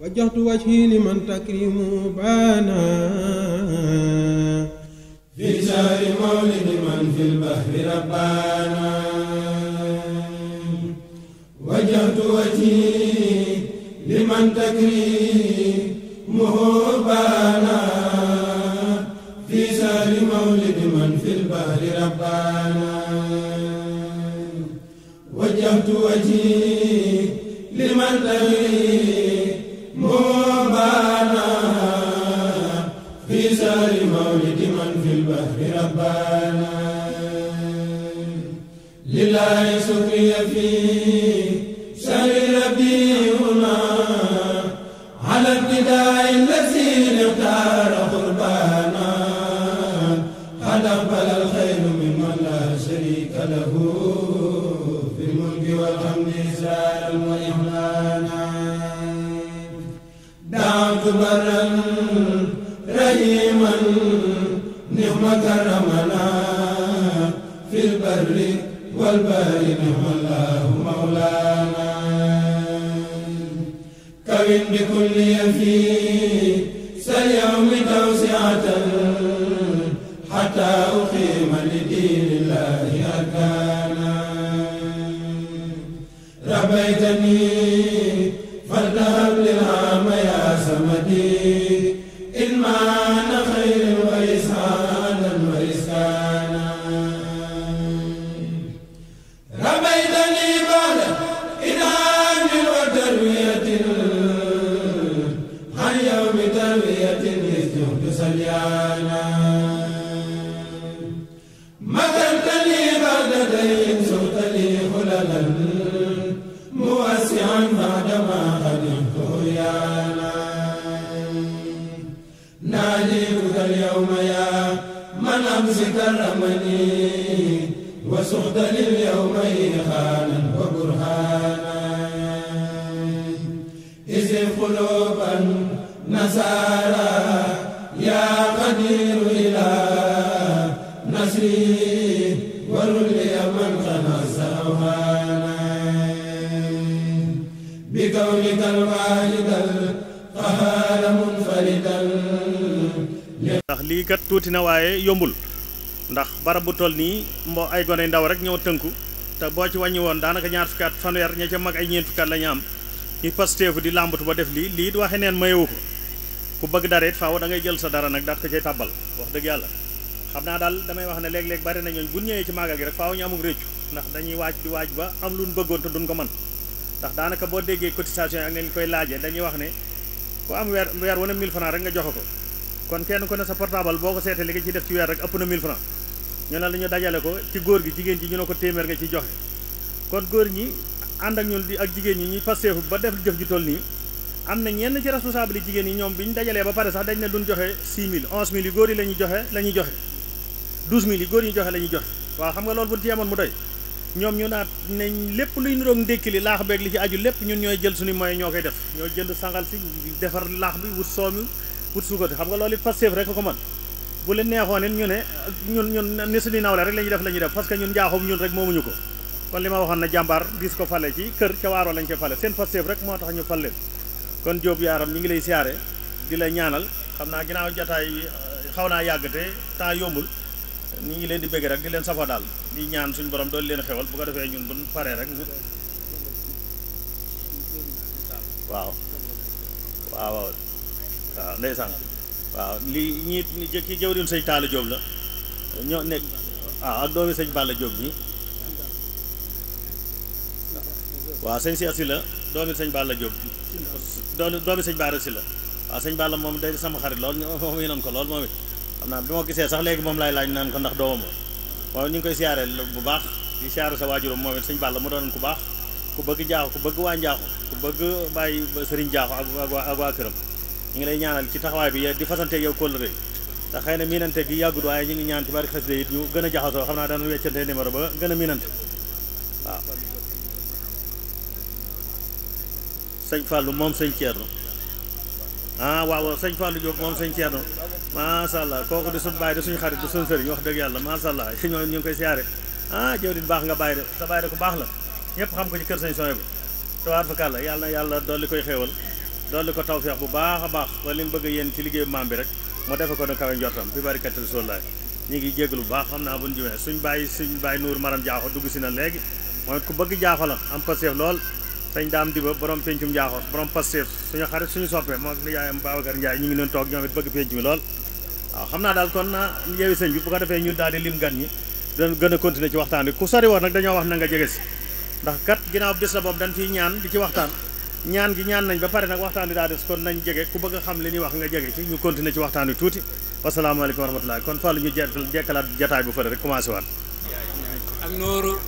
وجهت وجهي لمن تكريم بانا في شهر مولد من في البحر ربانا وجهت وجهي لمن تكريمه بانا في شهر مولد من في البحر ربانا وجهت وجهي لمن تكريمه وكرمنا في البر والبار منه الله مولانا كرم بكل يفي سيوم توسعة حتى أقيم لله kat tuuti na waaye yombul ndax barab bu ni mbo ay gone ndaw rek ñëw tënku te boo ci wàññi woon daanaka ñaar fukkaat fanweer ña ca mag ay ñeent fukkaat la ñu am ñu di làmbatu ba def li li waxe neen mayewu ku bëgg dara it faaw da ngay jël sa dara nag daat ko cay tàbbal wax dëgg yàlla xam naa daal damay wax ne léeg-léeg bari na bu ñëwee ci màggal gi rek faaw ñu amug réccu ndax dañuy waaj di waaj ba am lu ñu bëggoon te duñ ko man ndax daanaka boo déggee cotisation yi ak nañ koy laajee dañuy wax ne ku am weer weer wane 1000 francs rek nga joxe ko kon kenn ku ne sa portable boo ko seetee li nga ciy def ci weer rek ëpp na 1000 francs ñu ne la ñu dajale ko ci góor gi jigéen ji ñu ne ko téeméer nga ciy joxe kon góor ñi ànd ak ñun di ak jigéen ñi ñuy pasteefu ba def jëf ju toll nii am na ñenn ci responsable jigéen yi ñoom bi ñu dajalee ba pare sax dañ ne duñ joxe 6000 11000 yu góor yi la joxe la ñuy joxe 12000 yu góor yi joxe la joxe waaw xam nga loolu buñ ci yemoon mu doy ñoom ñu naat nañ lépp luy niroog ndékki li laax beeg li ci lépp ñun ñooy jël suñu moyen ñoo koy def ñooy jënd sangal si defar laax bi wut soomi wut suukar xam nga loolu ñu ne ñun ñun ni suñuy nawle rek la ñuy def la ñuy def parce que ñun njaaxum ñun rek moomuñu ko kon li ma waxoon na jàmbaar diis ko fale ci kër ca waaroo lañ koy fale seen Pastef rek moo tax ñu fal leen kon Diop yaaram ñi ngi lay siyaare di la ñaanal xam naa ginnaaw jataay euh, xaw naa yàgg te temps yombul ñi ngi leen di bëgg rek di leen safoo daal di ñaan suñ borom doon leen xewal bu ko defee ñun bu paree rek waaw waaw waaw ndeysaan waaw lii ñii ki jëwriñ sëñ Talla Diop la ñoo nekk waaw ak doomi sëñ Balla Diop bi waaw sëñ si la doomi sëñ Balla Diop doomi doomi sëñ Baara si la waaw sëñ Balla moom day sama xarit lool moom yi nan ko lool moom it xam naa bi ma gisee sax léegi moom laay laaj naan ko ndax doomam moom ñu ngi koy siyaare bu baax di siyaare sa waajuram moom it sëñ Balla mu doon ku baax ku bëgg jaaxu ku bëgg waa njaaxu ku bëgg bàyyi sëriñ jaaxu ak ak waa këram ñu ngi lay ñaanal ci taxawaay bi di fasante yow kóllëre te xëy na miinante gi yàggut waaye ñu ngi ñaan ci bari xasida it ñu gën a jaxasoo xam naa dana weccante numéro ba gën a miinante waaw sëñ Fallou moom sëñ Thierno ah waaw waaw sëñ Fallou Diop moom sëñ Thierno macha allah kooku di suñu baay di suñu xarit di suñu sëriñ wax dëgg yàlla macha allah si ñoo ñu ngi koy siyaare ah, baax nga bàyyi de sa bàyyi de ku baax la ñëpp xam ko ci kër sëñ sooy bi yàlla yàlla dolli koy xéewal dolli ko tawfeex bu baax a baax ba bëgg yéen ci liggéeyu maam bi rek mu defe ko na kawe njortam bi bari kattal sollaay ñu ngi jégalu bu baax xam naa bu ñu jumee suñ bàyyi suñ bàyyi nuur maram jaaxo dugg si na léegi mooy ku bëgg jaaxo la am pasef lool sëñ daam di borom pencum njaaxoor borom Pastef suñu xarit suñu soppé mo ak ñay am Babacar ñay ñi ngi non tok ñoom bëgg penc lool xamna dal kon na ah, yewi sëñ bi bu ko defee ñu dal di lim gan ñi doon gën a continuer ci waxtaan ku sori woon nak dañu wax na nga jégé ci ndax kat ginaaw bis la bob dañ fi ñaan di ci waxtaan ñaan gi ñaan nañ ba paré nak waxtaan di daa des kon nañ jégé ku bëgg xam li ñuy wax nga jégé ci ñu continuer ci waxtaan tuuti wa salaamu alaykum wa rahmatullahi kon Fallou ñu jekkal jekkalaat jotaay bu fa rek commencé waat ak nooru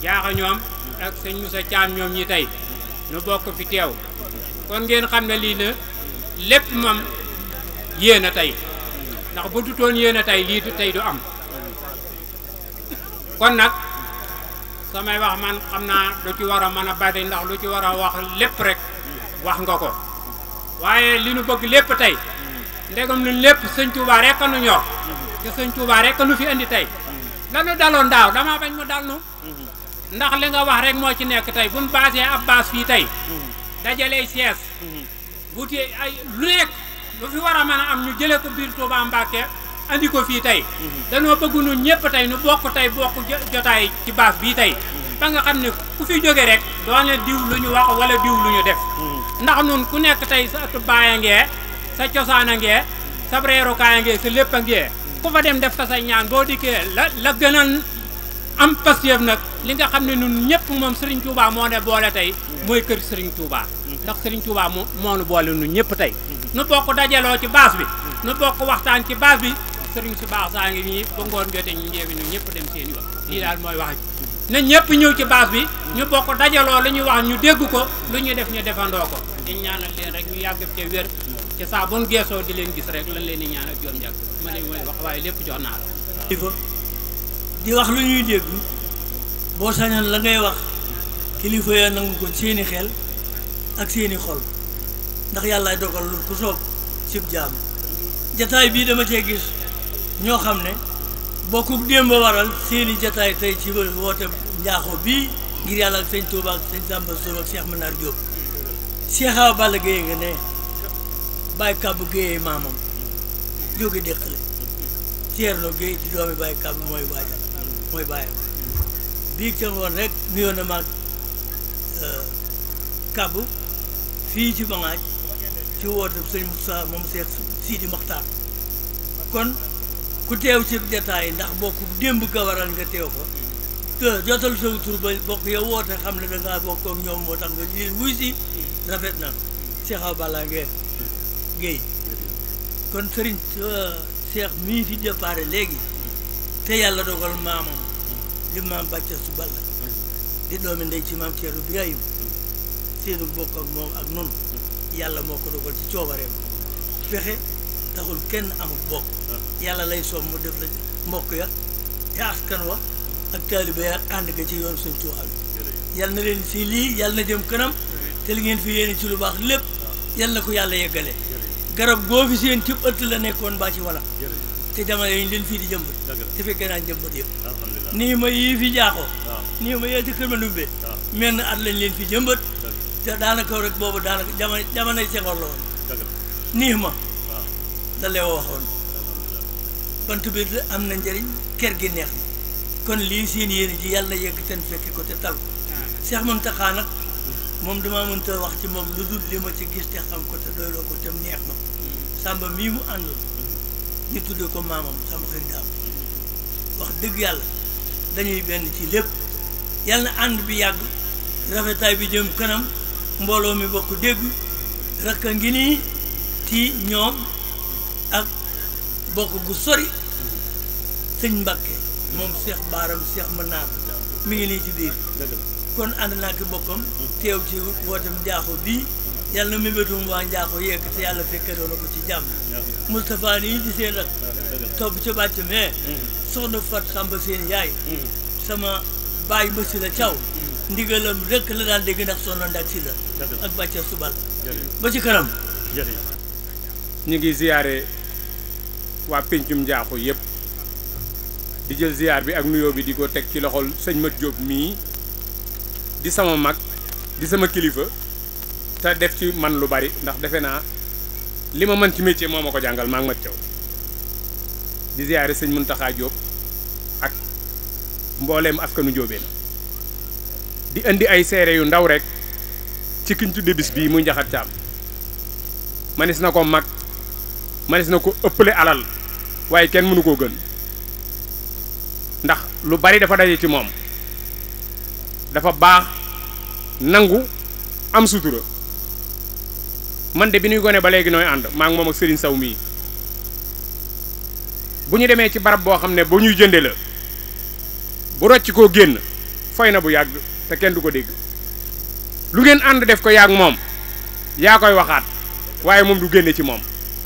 jaaxo ñu am ak sëñ sa Thiam ñoom ñi tey nu bokk fi teew kon ngeen xam ne lii na lépp moom yéen a tey ndax bu dutoon yéen a tey lii du tey du am kon nag samay wax man xam naa lu ci war a mën a bari ndax lu ci war a wax lépp rek wax nga ko waaye li nu bëgg lépp tey ndegam lu lépp sëñ Touba rek a nu ñor te sëñ Touba rek a nu fi indi tey lanu daloon daaw dama bañ mu dal nu ndax li nga wax rek moo ci nekk tey buñ basé ab base fii tey mm-hmm. dajaley sees mm-hmm. wuti ay lu nekk lu fi war a mën a am ñu jëlee ko biir Touba Mbacké andi ko fii tey mm-hmm. danoo bëgg nu ñëpp tey nu bokk tey bokk jotaay ci base bii tey ba nga xam ne ku fi jóge rek doone diw lu ñu wax wala diw lu ñu def ndax nun ku nekk tey sa baaya ngee sa cosaan a ngee sa reerukaay a ngee sa lépp a ngee ku fa dem def fa say ñaan boo dikkee la la gënal am Pastef nag li nga xam ne ñun ñëpp moom Serigne Touba moo ne boole tey mooy kër Serigne Touba ndax sëriñ Touba moo moo nu boole ñun ñëpp tey nu bokk dajaloo ci baas bi nu bokk waxtaan ci baas bi Serigne si baax saa ngi nii ba ngoon jotee ñu bi ñun ñëpp dem seen yoon lii daal mooy wax na ñëpp ñëw ci baas bi ñu bokk dajaloo lu ñuy wax ñu dégg ko lu ñuy def ñu defandoo ko di ñaanal leen rek ñu yàgg ca wér ci saa geesoo di leen gis rek lan leen di ñaanal joom njàkk ma ne mooy wax waaye lépp jox naa di wax lu ñuy dégg boo sañoon la ngay wax kilifa ya nangu ko seeni xel ak seeni xol ndax yàllaay dogal lu ku soob sib jaam jataay bii dama cee gis ñoo xam ne bokkub démb waral seeni jataay tey ci woote njaaxo bii ngir yàlla ak sëñ Touba ak sëñ Samba Sow ak Cheikh Manar Diop Cheikh Awa Balla Gueye nga ne Baye Kabou Gueye maamam jóge dëkkale Thierno Gueye di doomi Baye Kabou mooy waajal mooy bàyyam bii tam woon rek nuyoo na maag euh, kàbbu fii ci Bangaaj ci woote sëñ Moussa moom Seex Sidi Maxtaar kon ku teew ci jataay ndax bokk démb ga nga teew ko te jotal sa tur ba bokk yow woote xam ne dangaa bokk ñoom moo tax nga di wuy si rafet na Seex Awa Balla Gaye Gaye kon sëriñ Seex euh, mii fi départ léegi te yàlla dogal maamam li maam bàcca su balla di doomi ndey ci maam Ceerno Birahim seenu bokk ak moom ak noonu yàlla moo ko dogal ci coobareem fexe taxul kenn amul bokk yàlla lay soom mu def la mbokk ya ya askan wa ak taalibe ya ànd ga ci yoon suñ tuwaal yàlla na leen si lii yàlla na jëm kanam te li ngeen fi yéene ci lu baax lépp yàlla ko yàlla yeggale garab goo fi seen cib ëtt la nekkoon baa ci wala te jamono yi ñu leen fii di jëmbat te fekkee naa jëmbat yëpp nii ma yii fi jaaxoo nii ma yee ci kër ma ndumbe menn at lañ leen fi jëmbat te daanaka rek boobu daanaka jamono jamonoy Senghor la woon nii ma la waxoon bant bi am na njëriñ kër gi neex na kon lii seen yéene ji yàlla na yegg ten fekki ko te tal ko Seex Muntaxa nag moom damaa mënta wax ci moom lu dul li ma ci gis te xam ko te doyloo ko te neex ma sàmba mii mu àndul ñu tuddee ko maamam sama xëy wax dëgg yàlla dañuy benn ci lépp yàlla ànd bi yàgg rafetaay bi jëm kanam mbooloo mi bokk dégg rakk ngi nii ci ñoom ak bokk gu sori sëñ Mbàkke moom Cheikh Baaram Cheikh Manar mi ngi nii ci biir kon ànd naa ki bokkam teew ci wootam jaaxo bii yàlla na mébétum waa Njaago yegg te yàlla fekkeeloon na ko ci jàmm Moustapha ni ñu gisee nag topp ci bàcc mais soxna Fat Samba seen yaay sama baay ba si la caw ndigalam rek la daan dégg ndax soxna ndak si la ak bàcce subal ba ci kanam ñu ngi ziyaare waa péncum Njaago yëpp di jël ziyaar bi ak nuyoo bi di ko teg ci loxol sëñ Mat Jóob mii di sama mag di sama kilifa te def ci man lu bari ndax defe naa li ma mën ci métier moom ma ko jàngal maa ngi mat caw di ziare sëñ Muntaxa Jóob ak mbooleem askanu Jóobeen di indi ay seere yu ndaw rek ci kintu tudde bii muy njaxat caam manis na ko mag manis na ko ëpple alal waaye kenn mënu koo gën ndax lu bari dafa daje ci moom dafa baax nangu am sutura man de bi ñuy gone ba léegi nooy ànd maa ngi moom ak Serigne Saw mii bu ñu demee ci barab boo xam ne bu ñuy jënde la bu rocc koo génn fay na bu yàgg te kenn du ko dégg lu ngeen ànd def ko yàgg moom yaa koy waxaat waaye moom du génne ci moom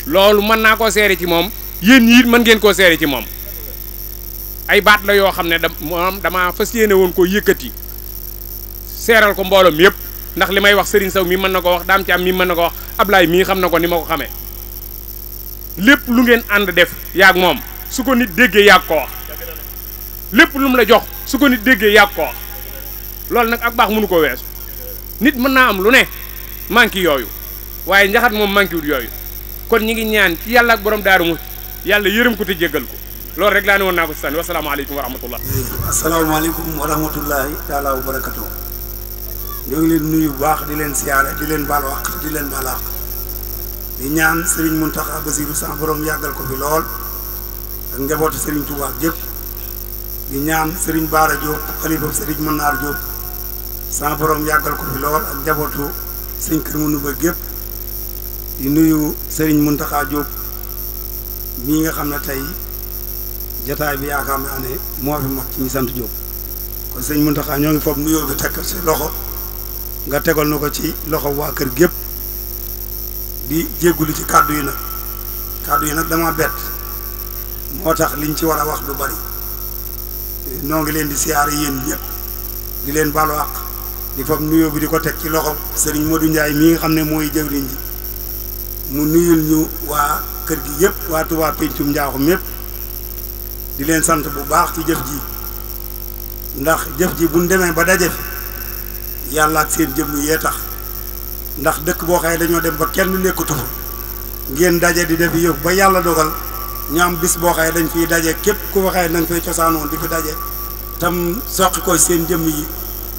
loolu mën naa koo seere ci moom yéen ñi it mën ngeen koo seere ci moom ay baat la yoo xam ne da moom damaa fas yéene woon koo yëkkati seeral ko mbooloom yépp ndax li may wax Serigne Sow mii mën na ko wax Dame Thiam mi mën na ko wax Ablaye mii xam na ko ni ma ko xamee lépp lu ngeen ànd def yaag moom su ko nit déggee yaag ko wax lépp lu mu la jox su ko nit déggee yaag ko wax loolu nag ak baax mënu ko weesu nit mën naa am lu ne manqué yooyu waaye njaxat moom manqué wut yooyu kon ñi ngi ñaan ci yàlla ak borom daaru mu yàlla yërëm ko te jéggal ko loolu rek laa ne woon naa ko si sànni wasalaamaaleykum wa rahmatullah asalaamaaleykum wa rahmatullahi taala wa barakatuh ñoo ngi leen nuyu bu baax di leen siyaare di leen baal wax di leen baal wax di ñaan sëriñ Mountakha Bassirou sa borom yàggal ko fi lool ak njabootu Serigne Touba gépp di ñaan Serigne Bara Diop xalifa Serigne Manar Diop sa borom yàggal ko fi lool ak njabootu Serigne Kër Manuba gépp di nuyu sëriñ Mountakha Diop mii nga xam ne tey jataay bi yaakaar naa ne moo bi mag ci ñu sant Diop kon Serigne Mountakha ñoo ngi foofu nuyoo bi tekk si loxo. nga tegal na ko ci loxo waa kër gépp di jéggulu ci kàddu yi nag kàddu yi nag dama bett moo tax liñ ci war a wax du bari noo ngi leen di siyaare yéen ñëpp di leen balu àq di fab nuyoo bi di ko teg ci loxo sëriñ Modou Ndiaye mi nga xam ne mooy jëwriñ ji mu nuyul ñu waa kër gi yëpp waa Touba Pencum Njaaxum yëpp di leen sant bu baax ci jëf ji ndax jëf ji buñ demee ba daje fi yalla ak seen jëm yee tax ndax dëkk bo xay dañu dem ba kenn nekkutu ngeen daje di def yëf ba yalla dogal ñu am bis bo xay dañ fi daje képp ku fa nañ fay cosaanoon di fi daje tam sokk ko seen jëm yi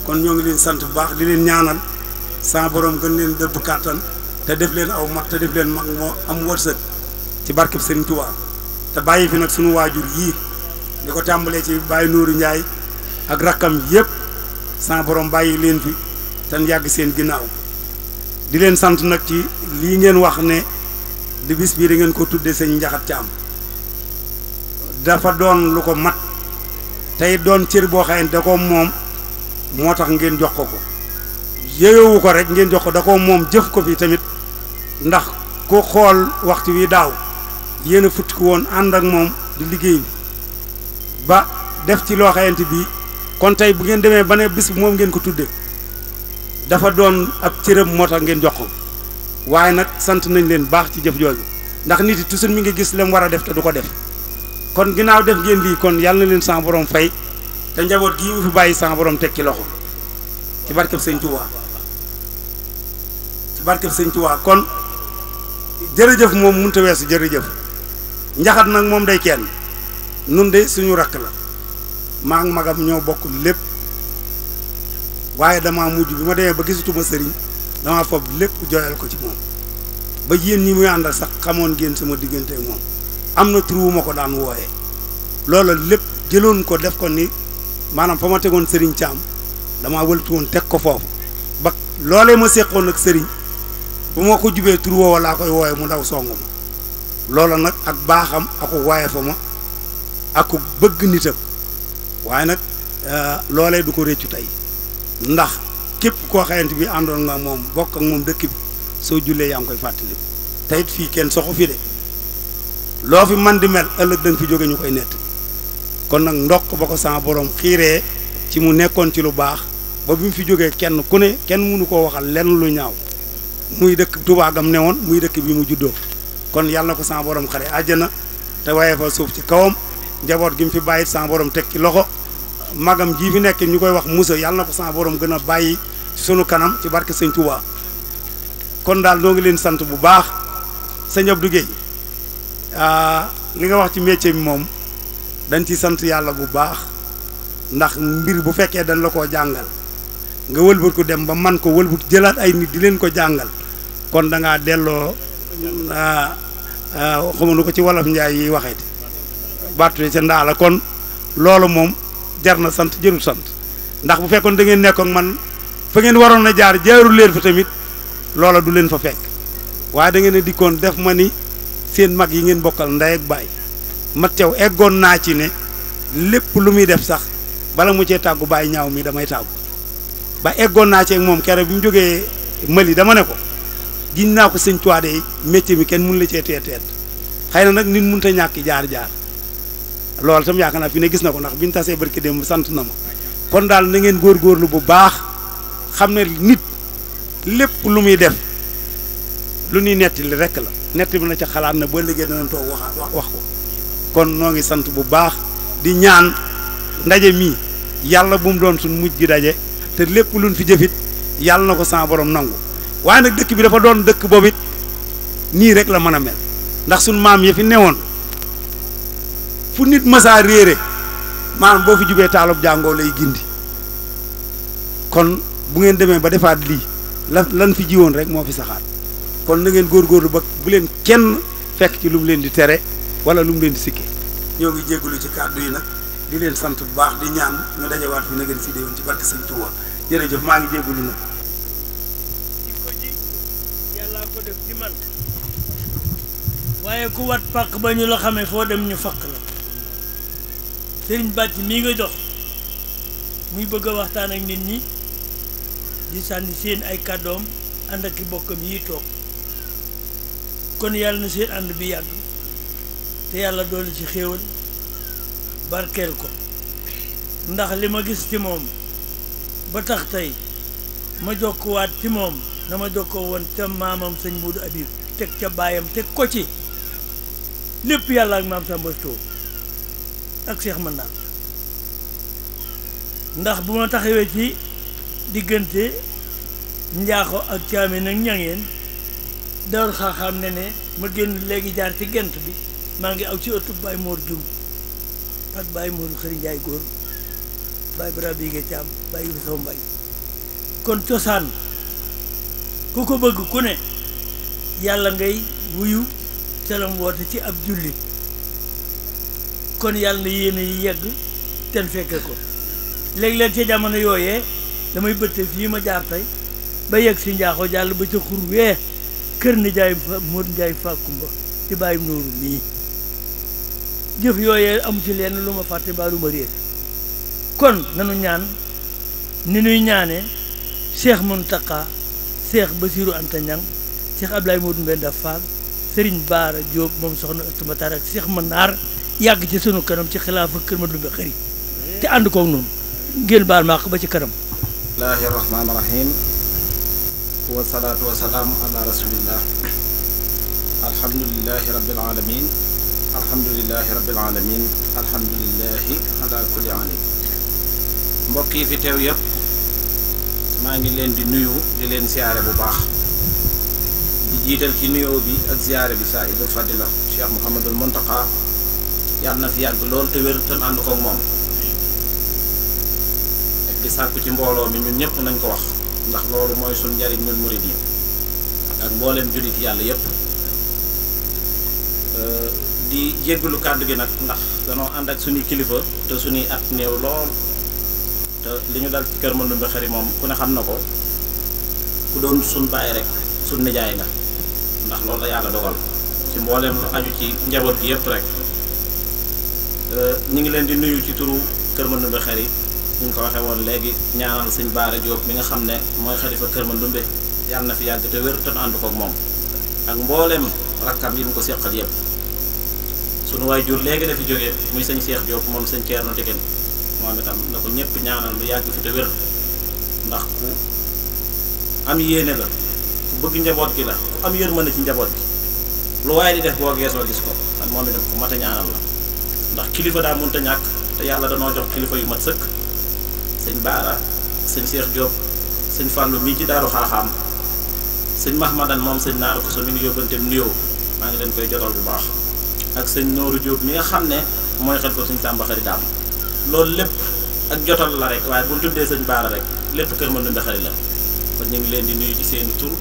kon ñoo ngi leen sant bu baax di leen ñaanal sa borom gën leen dëbb kàttan te def leen aw mag te def leen mag moo am wërsëg ci barke seen tuwa te bàyyi fi nag sunu waajur yi di ko tàmbalee ci Baye Nuuru Njaay ak rakkam yépp sama borom bayyi len fi tan yag sen ginaaw di len sant nak ci li ngeen wax ne di bis bi da ngeen ko tuddé señ njaxat ci am dafa doon lu ko mat tay doon ciir bo xayen da ko mom motax ngeen jox ko ko yeyowu ko rek ngeen jox ko da ko mom jëf ko fi tamit ndax ko xol waxti wi daaw yeena futti ko woon ak mom di liggey ba def ci lo xayenti bi kon tey bu ngeen demee ba ne bis bi moom ngeen ko tudde dafa doon ak cëram moo tax ngeen jox ko waaye nag sant nañ leen baax ci jëf jooju ndax nit yi toujours mi ngi gis lem war a def te du ko def kon ginnaaw def ngeen lii kon yàlla na leen sama borom fay te njaboot gii mu fi bàyyi sama borom teg ci loxo ci barkeb sëñ Tuubaa ci barkeb kon jërëjëf moom mënut a weesu jërëjëf njaxat nag moom day kenn nun de suñu rakk la maa ngi magam ñoo bokk lépp waaye dama mujj bi ma demee ba gisatuma sëriñ dama fob lépp joyal ko ci moom ba yéen ñi muy àndal sax xamoon ngeen sama diggante moom am na tur wu ma ko daan wooyee loola lépp jëloon ko def ko ni maanaam fa ma tegoon sëriñ Thiam damaa wëltu woon teg ko foofu ba loolee ma seqoon ak sëriñ bu ma ko jubee tur woowa laa wooye mu daw song ma nag ak baaxam aku waaye fa ma aku bëgg nitam waaye nag euh, loolee du ko réccu tey ndax képp koo xayante bi àndoon nga moom bokk ak moom dëkk bi soo jullee yaa ngi koy fàttali tey it fii kenn soxu fi de loo fi man di mel ëllëg da fi jóge ñu koy nett kon nag ndox ba ko sama boroom xiiree ci mu nekkoon ci lu baax ba bi fi jógee kenn ku ne kenn mënu koo waxal lenn lu ñaaw muy dëkk tubaagam newoon muy dëkk bi mu juddoo kon yàlla na ko sama borom xare àjjana te waaye fa suuf ci kawam njabot gi mu fi bàyyi sans borom teg ci loxo magam ji fi nek ñukoy wax musa yalla na ko sans borom gëna a ci sunu kanam ci barke seigne Touba kon dal do ngi leen sante bu baax seigne Abdou ah li nga wax ci métier bi mom dañ ci sante yalla bu baax ndax mbir bu fekke dañ la ko jangal nga wëlbur ko dem ba man ko wëlbur jëlat ay nit di leen ko jangal kon da nga delloo ah, ah ko ci walaf ndjay yi Barthélémy seen ndaa la kon loolu moom jar na sant jërul sant ndax bu fekkoon da ngeen nekkoon man fa ngeen waroon a jaar jaarul leen fa tamit loola du leen fa fekk waaye da ngeen a dikkoon def ma ni seen mag yi ngeen bokkal ndey ak baay ma teew eggoon naa ci ne lépp lu muy def sax bala mu cee tàggu bàyyi ñaaw mi damay tàggu ba eggoon naa ci ak moom keroog bi mu jógee Mali dama ne ko giñ naa ko sëñ tuwaade métier mi kenn mun la cee teeteet xëy na nag nit mun ta ñàkk jaar-jaar lol tam yaakaar naa fi ne gis nako nak biñu tassé barki sant na ma kon dal na ngeen góorgóorlu bu baax xam nit lepp lu muy def lu netti li rek la netti bi na ci xalaat na dana to wax wax ko kon no ngi sant bu baax di ñaan ndaje mi yalla bu mu doon sun mujj gi dajé te lepp luñ fi jëfit yalla nako sa borom nangu waaye nak dëkk bi dafa doon dëkk bobit ni rek la mëna mel ndax sun maam ya fi fu nit mësa réere maanaam boo fi jubee taalub jàngoo lay gindi kon bu ngeen demee ba defaat lii la lan fi rek fi kon na ngeen gur ba bu ken kenn fekk ci lu mu leen di tere wala lu mu leen di sikke ñoo ngi jégalu ci kàddu yi nag di leen sant bu baax di ñaan ñu dajewaat fi na ngeen si déwoon ci barke sëñ Tuuba jërëjëf maa ngi jégalu nag ji ko def ci man ku wat pak ba la xamee foo dem ñu fakk la sëriñ bàcc mii ngay dox muy bëgg a waxtaan ak nit ñi di sànni seen ay kàddoom ànd ak i bokkam yi toog kon yàlla na seen ànd bi yàgg te yàlla doole ci xéewal barkeel ko ndax li ma gis ci moom ba tax tey ma jokkuwaat ci moom na ma jokkoo woon ca maamam sëñ Moodu Abib teg ca baayam teg ko ci lépp yàlla ak maam Samba Sow ak Cheikh Mandane ndax bu ma taxawee ci diggante njaaxo ak caameen ak ñangeen daaru xaaxaam ne ne ma génn léegi jaar ci gent bi maa ngi aw ci ëttu Baye Mor Dioum ak Baye Mor Xëri Njaay góor Baye Bara Bigé Caam Baye Ibi Sow Mbay kon cosaan ku ko bëgg ku ne yàlla ngay wuyu salam woote ci ab jullit kon yàlla yéene yi yegg ten fekke ko léeg-léeg ca jamono yooyee damay bëtte fii ma jaar tey ba yegg ci njaaxoo jàll ba ca xur kër ni jaay fa Mour Ndiaye Fakumba di bàyyi nooru mii jëf yooye amu ci lenn lu ma fàtte baa lu ma réer kon nanu ñaan ni nuy ñaane Cheikh Mountakha Cheikh Bassirou Anta Niang Cheikh Abdoulaye Modou Mbenda Fall Serigne Bara Diop moom soxna Ëttu Matar ak Cheikh Manar يقتل سنو كرم تخلاف كرم البخاري تعندكم نون قل بار ما قبتش كرم الله الرحمن الرحيم والصلاة على رسول الله الحمد لله رب العالمين الحمد لله رب العالمين الحمد لله على كل عالم مبكي في تويا ما نجي لين دي نيو دي لين سيارة بباخ دي جيتل كي نيو بي أزيارة بي سائد الفضلة شيخ محمد المنطقة yàlla na fi yàgg lool te wér te ànd koog moom di sàkku ci mbooloo mi ñun ñëpp nañ ko wax ndax loolu mooy suñ njariñ ñun murid yi ak mbooleem jullit yàlla yëpp euh, di jéggalu kàddu gi nag ndax danoo ànd ak suñuy kilifa te suñuy at néew lool te li ñu dal ci kër Mandoumbe Khary moom ku ne xam na ko ku doon suñ bàyyi rek suñ nijaay nga ndax loolu la yàlla dogal ci mbooleem lu aju ci njaboot gi yëpp rek Euh, ñi ngi leen di nuyu ci turu kër ma ndumbe xari ñu ko waxe won léegi ñaanal sëñ baara jóob mi nga xam moy khalifa xalifa kër ma ndumbe yàlla na fi yag te tan te ko ak mom ak mboolem rakam yi mu ko seqal yépp suñu way jur na fi jógee muy sëñ cheikh jóob mom sëñ ceerno digal moom itam na ko ñëpp ñaanal lu yag fi te wër ndax ku am yéene la ku bëgg njabot gi la ku am yërmande ci njabot gi lu way di def bo geesoo gis ko man momi itam ku mata ñaanal la ndax kilifa da mënta ñak te yàlla da no jox kilifa yu mat sëkk sëñ bara sëñ Cheikh Diop sëñ fallu mi ci daru xaxam sëñ Mahmadan mom sëñ Naar ko so mi ngi yóbbanteem nuyoo maa ngi len koy jotal bu baax ak sëñ noru Diop mi nga xamne moy xel ko sëñ Tamba Xari dam lol lépp ak jotal la rek waaye bu tuddé tuddee sëñ Baara rek lépp keur mën na xari la kon ñu ngi leen di nuyu ci seeni tour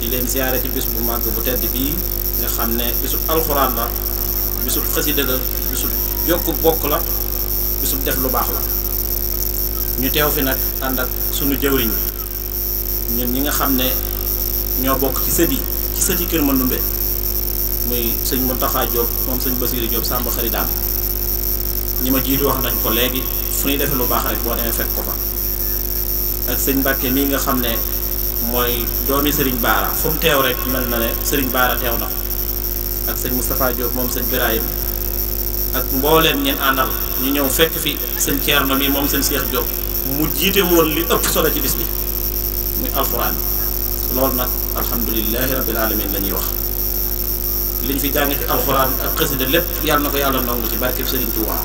di len ziare ci bis bu mag bu tedd bi nga xamne bisu alcorane la bisul xasida la bisul yokku bokk la bisul def lu baax la ñu teew fi nag ànd ak sunu jëwriñ ñun ñi nga xam ne ñoo bokk ci sët yi ci sët yi Kër Mandoumbe muy sëñ Mountakha Diop moom sëñ Basirou Diop Samba Xari daal ñi ma jiitu wax nañ ko léegi fu ñuy defee lu baax rek boo demee fekk ko fa ak sëñ Mbàkke mii nga xam ne mooy doomi Serigne Baara fu teew rek mel na ne Serigne Baara teew na. ak sëñ Moustapha Diop moom sëñ Birahim ak mbooleem ñeen àndal ñu ñëw fekk fi sëñ Thierno mi moom sëñ Cheikh Diop mu jiite woon li ëpp solo ci bis bi muy alquran loolu nag alhamdulilahi rabbil alamin la ñuy wax liñ fi jàng ci alquran ak xasida lépp yàlla na ko yàlla nangu ci barkeb Serigne Touba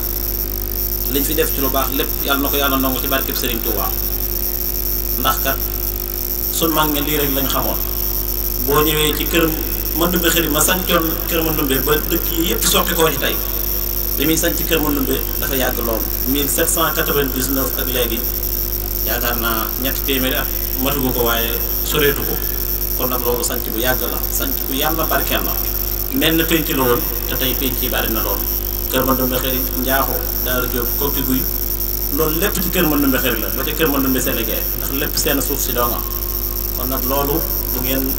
liñ fi def ci lu baax lépp yàlla na ko yàlla nangu ci barkeb Serigne Touba ndax kat sun mag nga lii rek lañ xamoon boo ñëwee ci këram Mandumbe xëri ma sancoon kër Mandumbe ba dëkk yi yëpp soqi koo ci tey li muy sanc kër Mandumbe dafa yàgg lool 1799 ak léegi yaakaar naa ñetti téeméeri at matugu ko waaye soreetu ko kon nag loolu sanc bu yàgg la sanc bu yàlla barkeel la mel na penc la woon te tey penc yi bari na lool kër Mandumbe xëri njaaxo daara jóob kokki guy loolu lépp ci kër Mandumbe xëri la ba ca kër Mandumbe Sénégal ndax lépp seen suuf si doomam kon nag loolu bu ngeen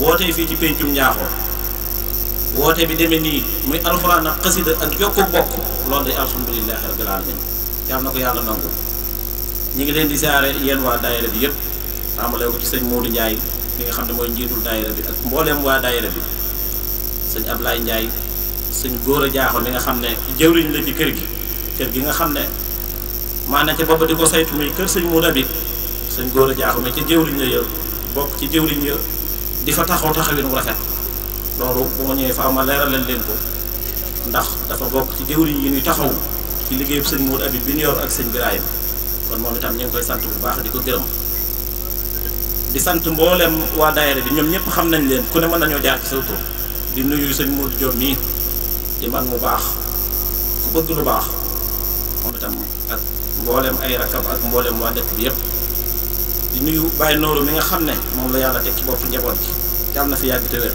woote fii ci péncum njaaxoo woote bi demee nii muy alxuraan ak xasida ak yokk bokk loolu day alhamdulilahi rabbil alamin yàlla na ko yàlla nangu ñu ngi leen di siyaare yenn waa daayira bi yëpp tàmbalee ko ci sëñ Modou Ndiaye mi nga xam ne mooy njiitul daayira bi ak mbooleem waa daayira bi sëñ laay Ndiaye sëñ Góora Jaaxo mi nga xam ne jëwriñ la ci kër gi kër gi nga xam ne maa na ca booba di ko saytu muy kër sëñ Modou Habib sëñ Góora Jaaxo mi ca jëwriñ la yo bokk ci jëwriñ yo di fa taxaw taxawin wu rafet loolu bu ma ñëwee faaw ma leeralal leen ko ndax dafa bokk ci jëwriñ yi ñuy taxaw ci liggéeyu sëñ Mour Abib bi ñu yor ak sëñ Birahim kon moom itam ñu koy sant bu baax di ko gërëm di sant mboolem waa daayira bi ñoom ñëpp xam nañ leen ku ne mën nañoo jaar ci sa di nuyu sëñ Mour Diop mii di man mu baax ku bëgg lu baax moom itam ak mboolem ay rakab ak mboolem waa dëkk bi yëpp. di nuyu Baye Nooru mi nga xam ne moom la yàlla teg ci bopp njaboot gi yàlla na fi yàgg te wér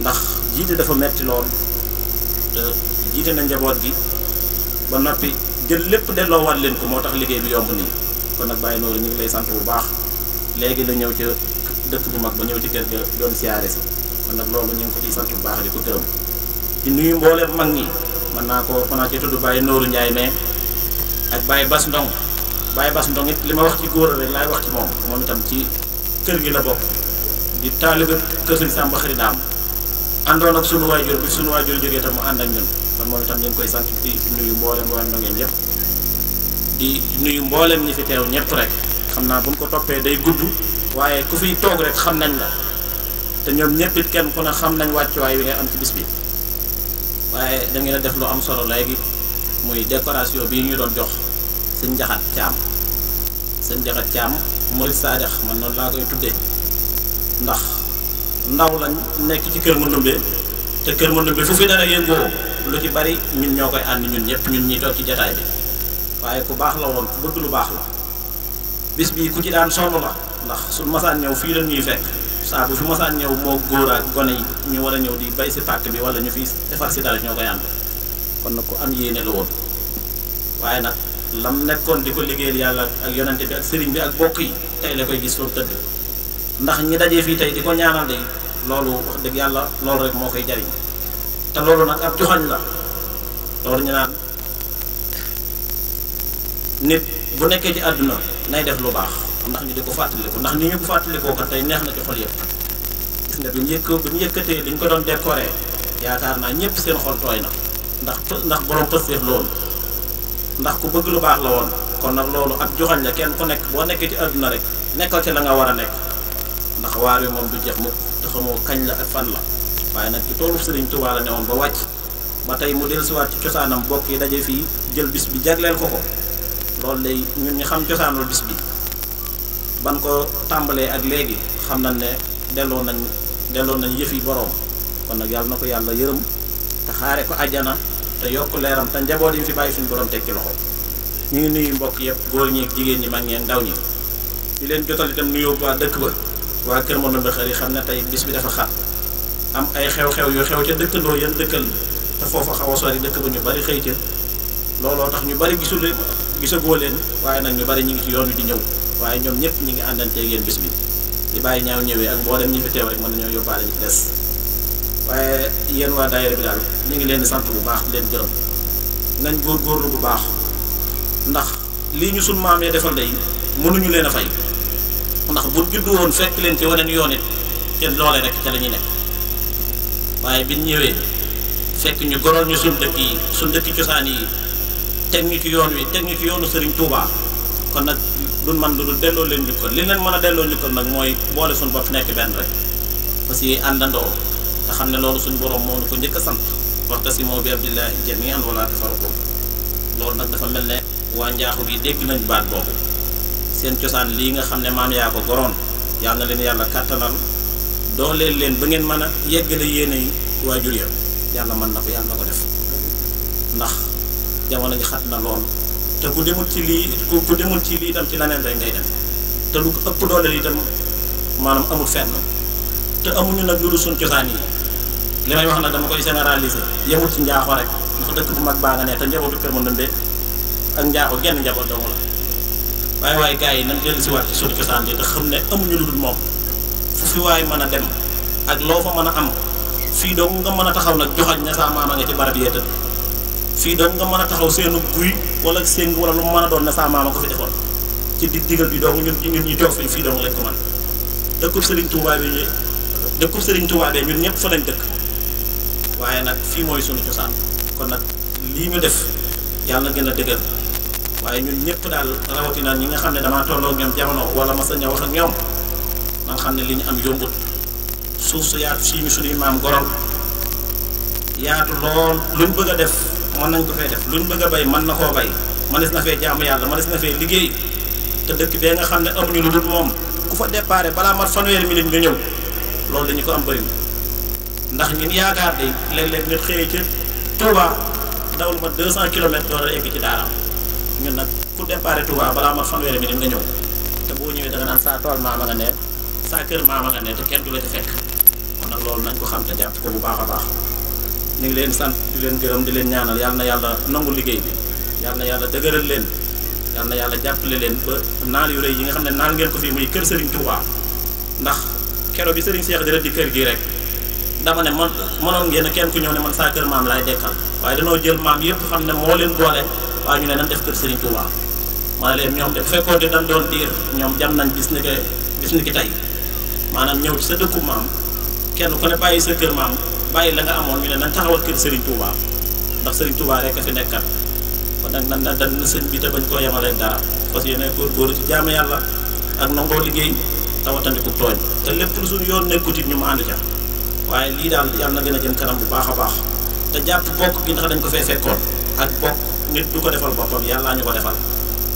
ndax jiite dafa metti lool te jiite na njaboot gi ba noppi jël lépp delloowaat leen ko moo tax liggéey bi yomb nii kon nag Baye Nooru ñu ngi lay sant bu baax léegi la ñëw ca dëkk bu mag ba ñëw ci kër ga doon siyaare si kon nag loolu ñu ngi ko ciy sant bu baax di ko gërëm di nuyu mboole mag ñi mën naa ko mën naa ci tudd Baye Nooru Ndiaye mais ak Baye Bas Ndong Baye Bass Ndong it li ma wax ci góor rek laay wax ci moom moom itam ci kër gi la bokk di taalibe kër sëñ Samba Xaridaam àndoon ak sunu waajur bi sunu waajur jógee tam mu ànd ak ñun kon moom itam ñu ngi koy sant di nuyu mboolem waa Ndongeen yëpp di nuyu mboolem ñi fi teew ñëpp rek xam naa bu ñu ko toppee day gudd waaye ku fiy toog rek xam nañ la te ñoom ñëpp it kenn ku ne xam nañ wàccuwaay wi ngay am ci bis bi waaye da ngeen def lu am solo léegi muy décoration bi ñu doon jox. sëñ jaxat caam sëñ jaxat caam murid saadix man noonu laa koy tuddee ndax ndaw lañ nekk ci kër Mandumbe te kër Mandumbe fu fi dara yëngoo lu ci bari ñun ñoo koy ànd ñun ñëpp ñun ñi toog ci jataay bi waaye ku baax la woon bëgg lu baax la bis bii ku ci daan sonn la ndax su masaan ñëw fii la ñuy fekk saa fi masaan ñëw moo góor gone yi ñu war a ñëw di bay si pàkk bi wala ñu fi defar si dara ñoo koy ànd kon nag ku am yéene la woon waaye nag lam nekkoon di ko liggéeyal yàlla ak yonante bi ak sëriñ bi ak bokk yi tey la koy gis foofu tëdd ndax ñi dajee fii tey di ko ñaanal de loolu wax dëgg yàlla loolu rek moo koy jariñ te loolu nag ab la loolu ñu naan nit nekkee ci àdduna nay def lu baax ndax ñu di ko fàttaliku ndax ñu ñu ko fàttalikoo ko tey neex na ci xol yëpp gis nga bi ñu yëkk bu ñu yëkkatee li ñu ko doon décoré yaakaar naa ñëpp seen xol tooy na ndax ndax borom pësteef loolu ndax ku bëgg lu baax la woon kon nag loolu ak joxañ la kenn ku nekk boo nekkee ci àdduna rek nekkal ci la nga war a nekk ndax waar wi moom du jeex mukk te xamoo kañ la ak fan la waaye nag ci toolu Sëriñ Tuubaa la ne woon ba wàcc ba tey mu dellusiwaat ci cosaanam bokk yi daje fii jël bi jagleel ko ko loolu lay ñun ñu xam cosaanul bis bi ban ko tàmbalee ak léegi xam nañ ne delloo nañ delloo nañ yëfi boroom kon nag yàlla na ko yàlla yërëm te xaare ko àjjana te yokku leeram te njaboot yi fi bàyyi suñu borom tekki loxo ñu ngi nuyu mbokk yëpp góor ñi ak jigéen ñi mag ñi ndaw ñi di leen jotal itam nuyu waa dëkk ba waa kër mo ndox yi xam ne tey bis bi dafa xat am ay xew-xew yu xew ca dëkkandoo yan dëkkal te foofa xaw a sori dëkk ba ñu bari xëy ca looloo tax ñu bari gisul leen gisagoo leen waaye nag ñu bari ñu ngi ci yoonu di ñëw waaye ñoom ñëpp ñi ngi àndanteeg yéen bis bi di bàyyi ñaaw ñëwee ak dem ñi fi teew rek mën nañoo yóbbaale ñi des waaye yéen waa daayira bi daal ñu ngi leen sant bu baax di leen gërëm nañ góorgóorlu bu baax ndax lii ñu sun maam yi defal day mënuñu leen a fay ndax bu juddu woon fekk leen ci waneen yoon it te loole rek ca la nekk waaye bi ñëwee fekk ñu gorool ñu suñ dëkk yi suñ dëkk cosaan yi teg ñu ci yoon wi teg ñu ci yoonu Serigne Touba kon nag duñ man lu dul delloo leen njukkal li leen mën a delloo njukkal nag mooy boole suñu bopp nekk benn rek parce que àndandoo. ta xamne lolu suñu borom borom ko ñëk sant wax ta si mo bi abdillah jamian wala tafarqu lolu nak dafa melne wa njaaxu bi degg nañ baat boobu seen ciosan li nga xamne maam ya ko goron yalla leen yalla katanal do leen ba ngeen mëna yeggale yene yi jul ya yalla man nako yalla nako def ndax jamono ji xat na lool te ku demul ci li ku demul ci li tam ci lanen rek ngay dem te lu ëpp li tam manam amul fenn te amuñu nak lu sun ciosan yi li may wax nag dama koy généraliser yemul ci njaaxo dëkk bu mag baa ne te njabootu kër Mandumbe ak njaaxo genn njaboot dong la waaye waaye gars yi nañ dellu si waat ci suñu cosaan bi te xam ne amuñu lu dul moom fu fi waay mën a dem ak loo fa mën a am fii doom nga mën a taxaw nag joxañ ne sa maama nga ci barab yee tëdd fii dong nga mën a taxaw seenu guy wala séng wala lu mu mën a doon ne sa maama ko fi defoon ci dig digal bi dong ñun ñun ñu toog fii fii dong lañ ko mën dëkkub Serigne Touba bi dëkkub Serigne Touba bi ñun ñëpp fa lañ dëkk waaye nag fii mooy sunu cosaan kon nag lii mu def yàlla gën a dëgër waaye ñun ñëpp daal rawatina ñi nga xam ne damaa tolloo ñoom jamono wala sa a wax ak ñoom nan xam ne li ñu am yombut suuf su yaatu sii maam gorol yaatu lool luñ bëgg def mën nañ ko fay def luñ bëgg a bay mën na koo bay mënees na fee jaamu yàlla mënees na fee liggéey te dëkk bee nga xam ne amuñu lu dul moom ku fa déparé balaa mat fanweeri minute nga ñëw loolu dañu ko am bëriwul. ndax ñun yaakaar day léeg-léeg nit xëyee ca Touba dawul ma 200 kilomètres door a egg ci daaraam ñun nag pour déparé Touba balaa ma fanweeri minute nga ñëw te boo ñëwee da nga naan saa tool maama nga ne saa kër maama nga ne te kenn du la ci fekk kon nag loolu nañ ko xam te jàpp ko bu baax a baax ñu ngi leen sant di leen gërëm di leen ñaanal yàlla na yàlla nangu liggéey bi yàlla na yàlla dëgëral leen yàlla na yàlla jàppale leen ba naal yu rëy yi nga xam ne naal ngeen ko fii muy kër Serigne Touba ndax kero bi Serigne Cheikh di di kër gii rek dama ne man mënoon ngeen kenn ku ñëw ne man saa kër maam laay dekkal waaye danoo jël maam yëpp xam ne moo leen boole waaye ñu ne nan def kër Serigne Touba maa leen ñoom de bu fekkoon ne dañ doon diir ñoom jam nañ bis ni que bis tey maanaam ñëw ci sa dëkku maam kenn ku ne bàyyi sa kër maam bàyyi la nga amoon ñu ne nan taxawal kër Serigne Touba ndax Serigne Touba rek a fi nekkat kon nag nan la na sëñ bi te bañ koo yemalee dara parce que yéen a góorgóorlu ci jaamu yàlla ak nangoo liggéey tawatandiku tooñ te lépp lu suñu yoon nekkut it ànd waaye lii daal yàlla na gën a jëm kanam bu baax a baax te jàpp bokk gi ndax dañ ko fee fekkoon ak bokk nit du ko defal boppam yàlla ñu ko defal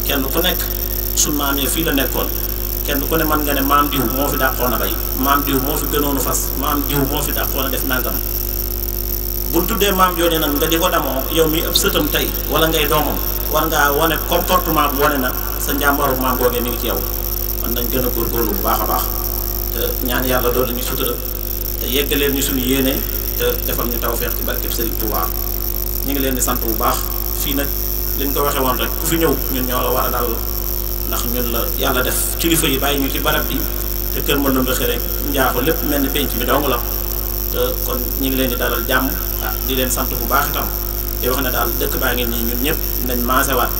kenn ku nekk suñ maam yi fii la nekkoon kenn ko ne man nga ne maam diw moo fi dàqoon a bay maam diw moo fi gënoonu fas maam diw moo fi dàqoon a def nangam bu ñu tuddee maam yooyu nag nga di ko demoo yow mi ab sëtam tey wala ngay doomam war ngaa wane comportement bu wane na sa njàmbaaru maam googee mi ngi ci yow man nañ gën a bu baax a baax te yàlla doon la te yeggaleel ñu suñu yéene te defal ñu tawfeex ci barkeb Sëriñ Tuubaa ñu ngi leen di sant bu baax fii nag liñ ko waxee woon rek ku fi ñëw ñun ñoo la war a ndax ñun la yàlla def kilifa yi bàyyi ñu ci barab bi te kër mën na rek njaaxu lépp mel ni penc bi dong la te kon ñu ngi leen di dalal jàmm ah, di leen sant bu baax itam te wax ne daal dëkk baa ngi nii ñun ñëpp nañ maasewaat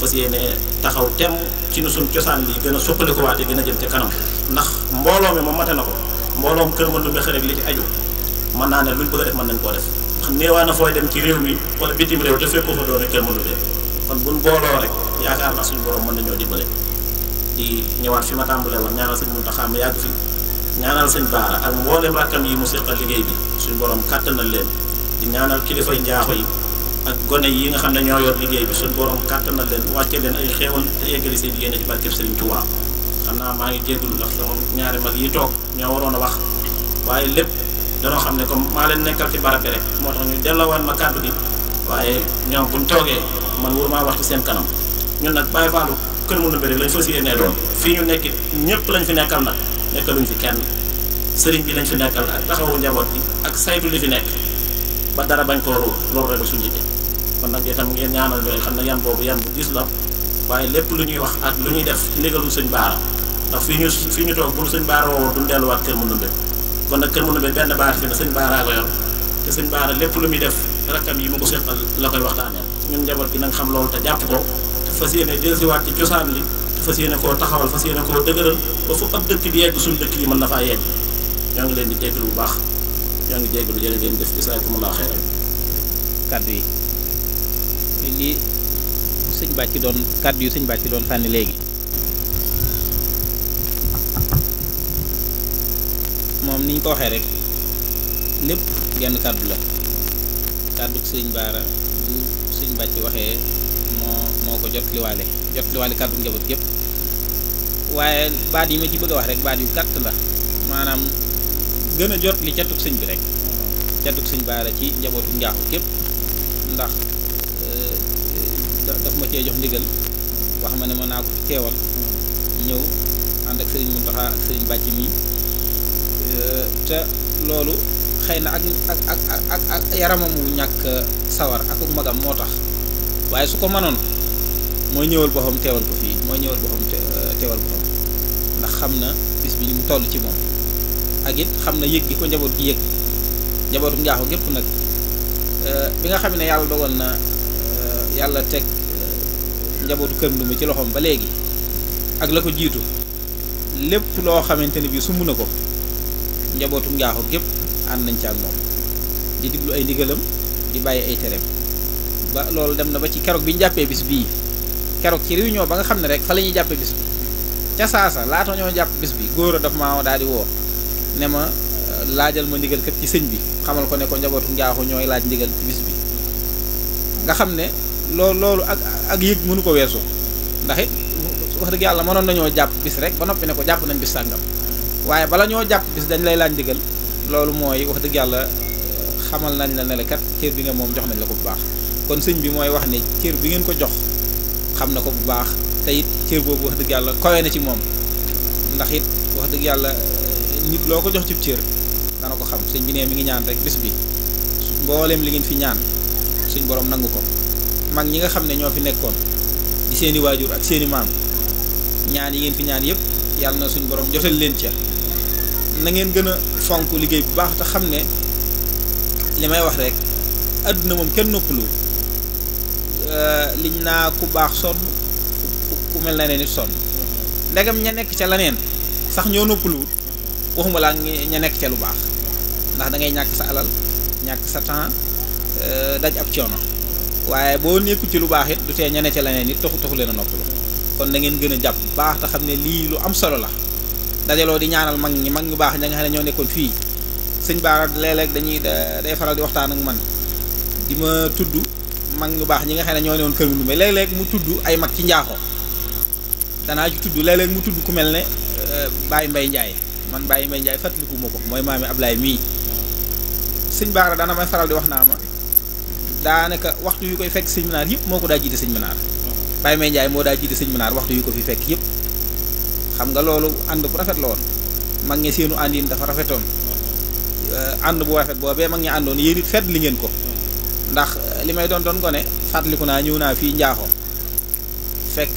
fa yéene taxaw tem ci nu suñ cosaan li gën a suqalikuwaat yi gën a jëm ca kanam ndax mbooloo mi moom mate na ko booloom kër Madou Mbexe rek li ci aju man naa ne luñ bëgg a def man nañ koo def ndax néewaa na fooy dem ci réew mi wala bitim réew te fekkoo fa doone kër Madou Mbexe kon buñ booloo rek yaakaar naa suñu borom mën nañoo dimbale di ñëwaat fi ma tàmbalee woon ñaanal sëñ Muntaxa ma yàgg fii ñaanal sëñ Baara ak mboolem rakkam yi mu seqal liggéey bi suñu borom kàttanal leen di ñaanal kilifa njaaxo yi ak gone yi nga xam ne ñoo yor liggéey bi suñ borom kàttanal leen wàcce leen ay xéewal te yeggali seen liggéey na ci barkeb Sëriñ naa maa ngi jégalu ndax sama ñaari mag yi toog ñoo waroon a wax waaye lépp danoo xam ne comme maa leen nekkal ci barab bi rek moo tax ñu delloowaat ma kàddu gi waaye ñoom buñ toogee man wóor maa wax seen kanam ñun nag bàyyi faalu kër mën na bëri lañ fas fii ñu nekk ñëpp lañ fi nekkal nag nekkaluñ fi kenn sëriñ bi lañ fi nekkal ak taxawu njaboot bi ak saytu li fi nekk ba dara bañ koo ruur loolu rek suñu kon nag itam ngeen ñaanal xam ne yan boobu yan bu gis la lépp lu ñuy wax ak lu ñuy def ci ndigalu sëñ baara ndax fii ñu fii ñu toog bu sëñ Baara woowoon duñ delluwaat kër Mandoumbe kon nag kër Mandoumbe benn baar fi na sëñ Baara ko yor te sëñ Baara lépp lu muy def rakkam yi mu ko seqal la koy waxtaanee ñun njaboot gi nag nga xam loolu te jàpp ko te fas yéene dellusiwaat ci cosaan li fa fas yéene koo taxawal fas yéene koo dëgëral ba fu ab dëkk di yegg suñu dëkk yi mën na faa yegg ñoo ngi leen di jéggalu bu baax ñoo ngi jéggalu jërë ngeen def isaakumullah xeyran kaddu yi lii sëñ Bàcci doon kaddu yu sëñ Bàcci doon tànn léegi moom ni ñu ko waxee rek lépp genn kàddu la kàddu sëñ baara bu sëñ bàcc waxee moo moo ko jot liwaale jot liwaale kàddu njaboot yépp waaye baat yi ma ci bëgg a wax rek baat yu gàtt la maanaam gën a jot li catug sëñ bi rek catug sëñ baara ci njabootu njaaxu képp ndax eh, daf ma cee jox ndigal wax ma ne ma naa ko fi teewal ñëw ànd ak sëriñ Muntaxa ak sëriñ bàcc mii te loolu xëy na ak ak ak ak yaramam wu ñàkk sawar ak magam moo tax waaye su ko mënoon mooy ñëwal boppam teewal ko fii mooy ñëwal te euh, teewal boppam ndax xam na bis bi ni mu toll ci moom ak it xam na yëg gi ko njaboot gi yëg njabootu njaaxu gépp nag euh, bi nga xam ne yàlla dogal na euh, yàlla teg njabootu kër Ndume ci loxoom ba léegi ak la ko jiitu lépp loo xamante ne bii sumb na ko. njabootu njaaxum gépp ànd nañ ci ak moom di diglu ay ndigalam di bàyyi ay tereem ba loolu dem na ba ci keroog bi ñu jàppee bis bii keroog ci réunion ba nga xam ne rek fa la ñuy jàppee bis bi ca saasa laata ñoo jàpp bis bi góor a daf maa daal di woo ne ma euh, laajal ma ndigal ci sëñ bi xamal ko ne njabootu njaaxu ñooy laaj ndigal ci bis bi nga xam ne loolu loolu ak ak yëg mënu ko weesu ndax it wax dëgg yàlla mënoon nañoo jàpp bis rek ba noppi ne ko jàpp nañ bis sàngam waye bala ñoo japp bis dañ lay lañ ndigal loolu mooy wax dëgg yàlla xamal nañ la ne la kat cër bi nga moom jox nañ la ko bu baax kon sëñ bi mooy wax ne cër bi ngeen ko jox xam na ko bu baax te it cër boobu wax dëgg yàlla kowe na ci moom ndax it wax dëgg yàlla eh, nit loo ko jox cib cër dana ko xam sëñ bi ne mi ngi ñaan rek bis bi mbooleem li ngeen fi ñaan suñ borom nangu ko mag ñi nga xam ne ñoo fi nekkoon di seeni waajur ak seeni maam ñaan yi ngeen fi ñaan yépp yàlla na suñ borom jotal leen ca na ngeen gën a fonk liggéey bu baax te xam ne li may wax rek àdduna moom kenn noppalu euh, liñ naa ku baax sonn ku mel na ne nit sonn ndegam ña nekk ca leneen sax ñoo noppalu waxuma laa ña nekk ca lu baax ndax da ngay ñàkk sa alal ñàkk sa temps euh, daj ab coono waaye boo nekku ci lu baax it du tee ña ne ca leneen it taxu taxu leen a noppalu kon da ngeen gën a jàpp baax te xam ne lii lu am solo la dajaloo di ñaanal mag ñi mag ñu baax ña nga xam ne ñoo nekkoon fii sëñ Baara léeg-léeg dañuy day faral di waxtaan ak man di ma tudd mag ñu baax ñi nga xam ne ñoo newoon kër Ndumbe léeg-léeg mu tudd ay mag ci danaa ci tudd léeg mu tudd ku mel ne euh, Baye Mbaye Ndiaye man Baye Mbaye Ndiaye fàttaliku ma ko mooy maami Ablaye mii sëñ Baara dana may faral di wax naa ma daanaka waxtu yu koy fekk sëñ Minaar yëpp moo ko daa jiite sëñ Minaar Baye Mbaye Ndiaye moo daa jiite sëñ Minaar waxtu yu xam nga loolu ànd bu rafet la woon mag ñi seenu àndin dafa rafetoon euh, ànd bu rafet boobee mag ñi àndoon yéen it fet li ngeen ko ndax li may doon doon gone fàttaliku naa ñëw naa fii njaaxoo fekk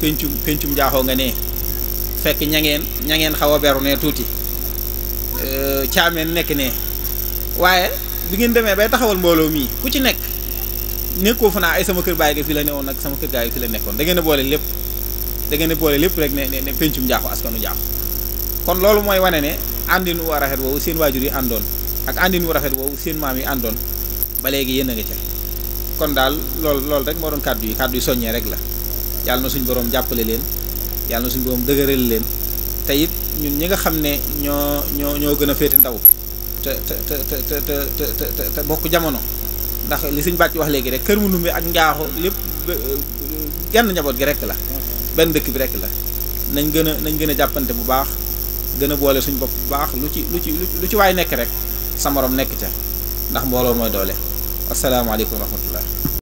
pencum pencum njaaxoo nga nee fekk ñangeen ñangeen xaw a beru ne tuuti euh, caameen nekk ne waaye bi ngeen demee bay taxawal mbooloo mii ku ci nekk nekkoo fa naa ay sama kër baay gi fi la newoon ak sama kër gaay gi fi la nekkoon da ngeen a boole lépp da ngeen boole lépp rek ne ne pencum njaaxu askanu njaaxu kon loolu mooy wane ne àndin wu rafet woowu seen waajur yi àndoon ak àndin wu rafet woowu seen maam yi àndoon ba léegi yéen a nga ca kon daal loolu loolu rek moo doon kàddu yi kàddu yi soññee rek la yàlla na suñ borom jàppale leen yàlla na suñ borom dëgëral leen te it ñun ñi nga xam ne ñoo ñoo ñoo gën a féete ndaw te te te te te te te bokk jamono ndax li suñ bàcc wax léegi rek kër mu numbe ak njaaxu lépp euh, njaboot gi rek la benn dëkk bi rek la nañ gën a nañ gën a jàppante bu baax gën a boole suñu bopp bu baax lu ci lu ci lu ci waay nekk rek sa moroom nekk ca ndax mbooloo mooy doole asalaamaaleykum wa rahmatullah